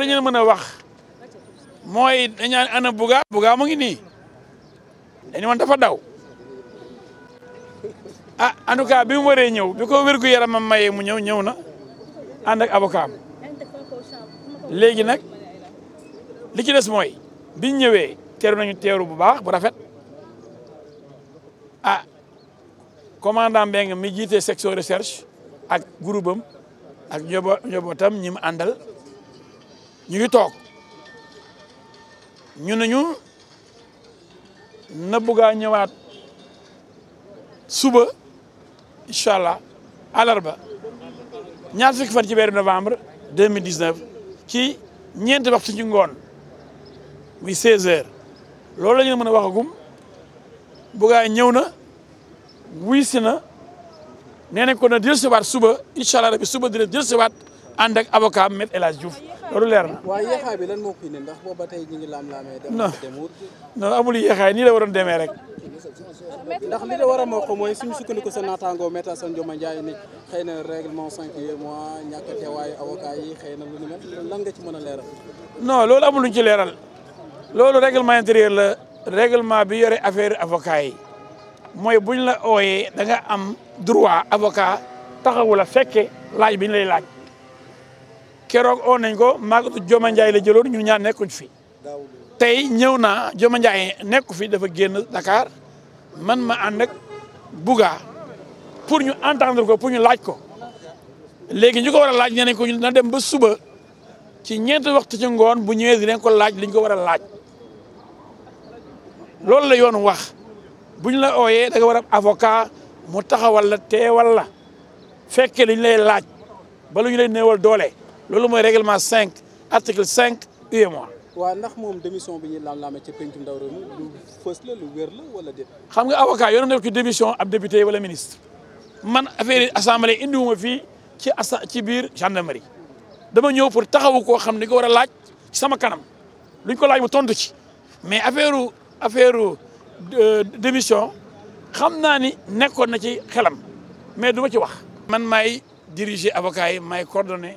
lañu mëna mën a wax mooy dañaan ana buga buga mo ngi ni dañu won dafa daw ah en tout cas bi mu waree ñëw bi ko wérgu yaramam mayee mu ñew ñew na and ak avocat légui nak li ci dess moy bi ñëwee téru nañu téru bu baax bu rafet ah commandant Mbengue mi jité section recherche ak groupe ak njobo njobootam ñi mu àndal ñu ngi toog ñu ne ñu na buggaa ñëwaat suba incha allah alarba ñaar fukki fan ci weeru novembre deux mille dix-neuf ci ñeenti waxtu ci ngoon muy seize heures loolu la ñu mën a waxagum buggaa ñëw na wuy si na nee nañ ko na dellusiwaat suba incha allah rabi suba dina dellusiwaat ànd ak avocat Me El Hadji loolu leer na. waaw yeexaay bi lan moo koy ne ndax booba tey ñu ngi laam-laamee. non non amul yeexaay nii la demee rek. ndax li la war a mokk mooy suñu sukkandiku sa naataangoo Maître Assane Dioma Ndiaye ni xëy na règlement cinq mois ñàkk a teewaayu avocat yi xëy na lu ni mel nga ci mën a leeral. non loolu amul luñ ci leeral loolu règlement intérieur la réglement bi yore affaire avocat yi mooy buñ la ooyee danga am droit avocat taxawu la fekke laaj bi ñu lay laaj. keroog oo nañ ko Maguette Dioma Ndiaye la jëloon ñu ñaar nekkuñ fi tey ñëw naa Dioma Ndiaye nekku fi dafa génn Dakar man ma ànd ak Bouga pour ñu entendre ko pour ñu laaj ko léegi ñu ko war a laaj nee nañ ko na dem ba suba ci ñeenti waxtu ngoon bu ñëwee dinañ ko laaj li ko war a laaj loolu la yoon wax bu ñu la ooyee da war a avocat mu taxawal la teewal la fekkee li ñu lay laaj bala lu ñu lay néewal doole. lolu moy règlement 5 article 5 UEMOA. wa ndax mom démission bi ñuy laam-laamee ci pencum ndaw réew lu feuss la lu wér la wala déet. xam nga avocat yoon nek ci démission ab député wala ministre man affaire yi assemblée indiwuma fii ci assa ci bir gendarmerie dama ñëw pour taxawu ko xam ni ko wara laaj ci sama kanam luñ ko laaj mu tontu ci mais affaire affaire démission xamna ni nekkon na ci xelam mais duma ci wax. man may diriger avocat yi may coordonner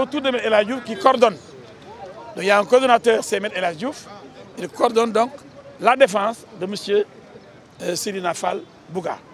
autour de M. Eladjouf qui coordonne. il y a un coordonnateur, c'est M. Eladjouf. Il coordonne donc la défense de M. Euh, Sidi Nafal Bouga.